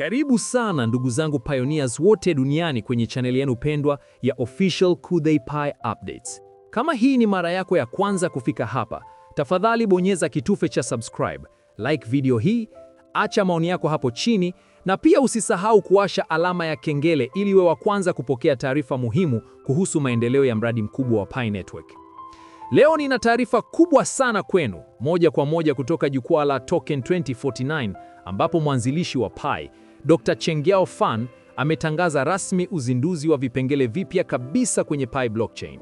Karibu sana ndugu zangu pioneers wote duniani kwenye chaneli yenu pendwa ya Official Khudhey Pi Updates. Kama hii ni mara yako ya kwanza kufika hapa, tafadhali bonyeza kitufe cha subscribe, like video hii, acha maoni yako hapo chini na pia usisahau kuwasha alama ya kengele ili uwe wa kwanza kupokea taarifa muhimu kuhusu maendeleo ya mradi mkubwa wa Pi Network. Leo nina taarifa kubwa sana kwenu, moja kwa moja kutoka jukwaa la Token 2049 ambapo mwanzilishi wa Pi Dr. Chengyao Fan ametangaza rasmi uzinduzi wa vipengele vipya kabisa kwenye Pi blockchain.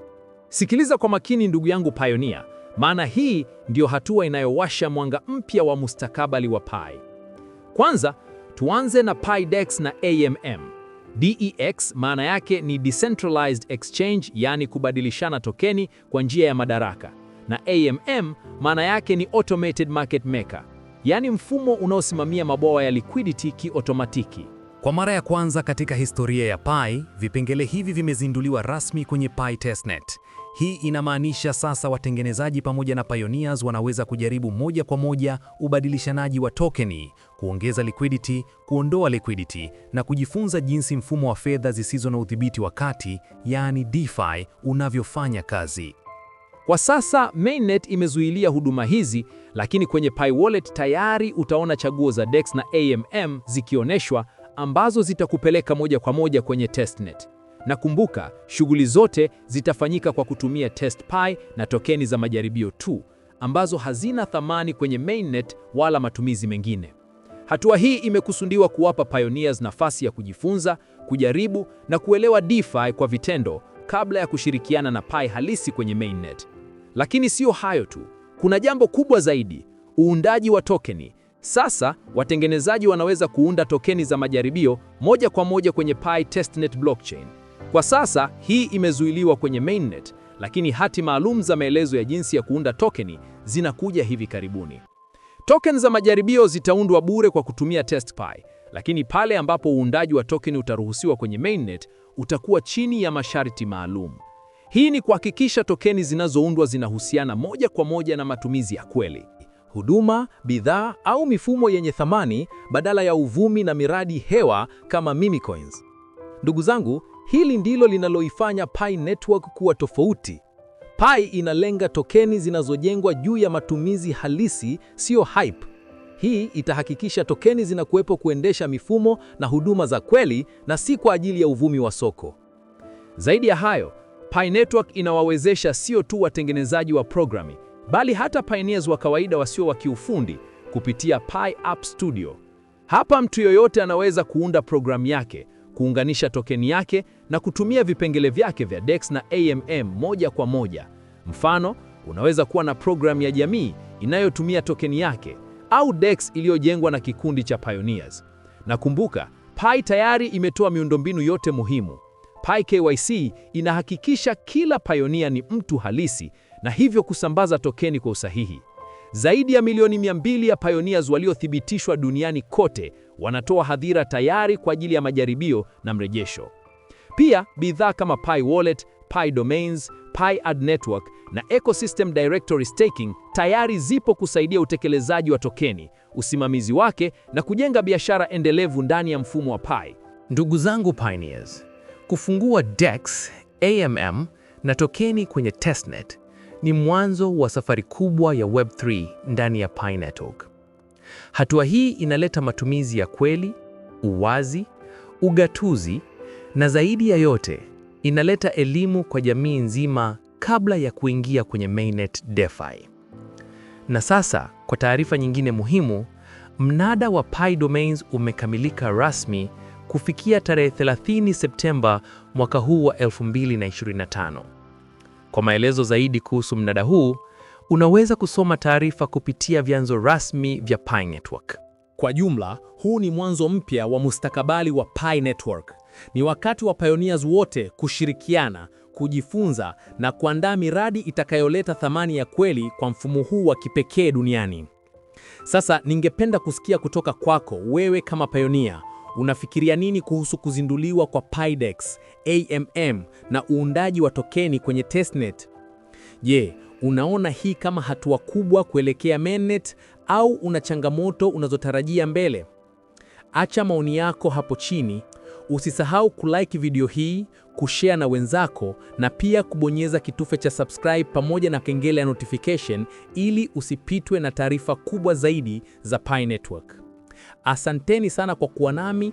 Sikiliza kwa makini ndugu yangu pioneer, maana hii ndiyo hatua inayowasha mwanga mpya wa mustakabali wa Pi. Kwanza, tuanze na Pi DEX na AMM. DEX maana yake ni decentralized exchange, yaani kubadilishana tokeni kwa njia ya madaraka, na AMM maana yake ni automated market maker yaani mfumo unaosimamia mabwawa ya liquidity kiotomatiki. Kwa mara ya kwanza katika historia ya Pi, vipengele hivi vimezinduliwa rasmi kwenye Pi testnet. Hii inamaanisha sasa watengenezaji pamoja na pioneers wanaweza kujaribu moja kwa moja ubadilishanaji wa tokeni, kuongeza liquidity, kuondoa liquidity na kujifunza jinsi mfumo wa fedha zisizo na udhibiti wa kati, yaani DeFi, unavyofanya kazi. Kwa sasa mainnet imezuilia huduma hizi, lakini kwenye Pi Wallet tayari utaona chaguo za DEX na AMM zikionyeshwa, ambazo zitakupeleka moja kwa moja kwenye testnet. Na kumbuka, shughuli zote zitafanyika kwa kutumia TestPy na tokeni za majaribio tu, ambazo hazina thamani kwenye mainnet wala matumizi mengine. Hatua hii imekusudiwa kuwapa pioneers nafasi ya kujifunza, kujaribu na kuelewa DeFi kwa vitendo kabla ya kushirikiana na Pi halisi kwenye mainnet. Lakini sio hayo tu, kuna jambo kubwa zaidi, uundaji wa tokeni. Sasa watengenezaji wanaweza kuunda tokeni za majaribio moja kwa moja kwenye Pi testnet blockchain. Kwa sasa hii imezuiliwa kwenye mainnet, lakini hati maalum za maelezo ya jinsi ya kuunda tokeni zinakuja hivi karibuni. Token za majaribio zitaundwa bure kwa kutumia TestPy, lakini pale ambapo uundaji wa tokeni utaruhusiwa kwenye mainnet utakuwa chini ya masharti maalum. Hii ni kuhakikisha tokeni zinazoundwa zinahusiana moja kwa moja na matumizi ya kweli, huduma, bidhaa au mifumo yenye thamani badala ya uvumi na miradi hewa kama meme coins. Ndugu zangu, hili ndilo linaloifanya Pi Network kuwa tofauti. Pi inalenga tokeni zinazojengwa juu ya matumizi halisi, siyo hype. Hii itahakikisha tokeni zinakuwepo kuendesha mifumo na huduma za kweli na si kwa ajili ya uvumi wa soko. Zaidi ya hayo, Pi Network inawawezesha sio tu watengenezaji wa programi, bali hata pioneers wa kawaida wasio wa kiufundi kupitia Pi App Studio. Hapa mtu yoyote anaweza kuunda programu yake, kuunganisha tokeni yake na kutumia vipengele vyake vya DEX na AMM moja kwa moja. Mfano, unaweza kuwa na programu ya jamii inayotumia tokeni yake au DEX iliyojengwa na kikundi cha pioneers. Na kumbuka, Pi tayari imetoa miundombinu yote muhimu. PyKYC inahakikisha kila payonia ni mtu halisi na hivyo kusambaza tokeni kwa usahihi. Zaidi ya milioni 200 ya pioneers waliothibitishwa duniani kote wanatoa hadhira tayari kwa ajili ya majaribio na mrejesho. Pia bidhaa kama Pi Wallet, Pi Domains, Pi Ad Network na Ecosystem Directory Staking tayari zipo kusaidia utekelezaji wa tokeni, usimamizi wake na kujenga biashara endelevu ndani ya mfumo wa Pi. Ndugu zangu pioneers, Kufungua DEX, AMM na tokeni kwenye testnet ni mwanzo wa safari kubwa ya Web3 ndani ya Pi Network. Hatua hii inaleta matumizi ya kweli, uwazi, ugatuzi na zaidi ya yote inaleta elimu kwa jamii nzima kabla ya kuingia kwenye mainnet DeFi. Na sasa kwa taarifa nyingine muhimu, mnada wa Pi Domains umekamilika rasmi kufikia tarehe 30 Septemba mwaka huu wa 2025. Kwa maelezo zaidi kuhusu mnada huu, unaweza kusoma taarifa kupitia vyanzo rasmi vya Pi Network. Kwa jumla, huu ni mwanzo mpya wa mustakabali wa Pi Network. Ni wakati wa pioneers wote kushirikiana, kujifunza na kuandaa miradi itakayoleta thamani ya kweli kwa mfumo huu wa kipekee duniani. Sasa ningependa kusikia kutoka kwako wewe kama pioneer. Unafikiria nini kuhusu kuzinduliwa kwa Pydex, AMM na uundaji wa tokeni kwenye testnet? Je, unaona hii kama hatua kubwa kuelekea mainnet au una changamoto unazotarajia mbele? Acha maoni yako hapo chini. Usisahau kulike video hii, kushare na wenzako na pia kubonyeza kitufe cha subscribe pamoja na kengele ya notification ili usipitwe na taarifa kubwa zaidi za Pi Network. Asanteni sana kwa kuwa nami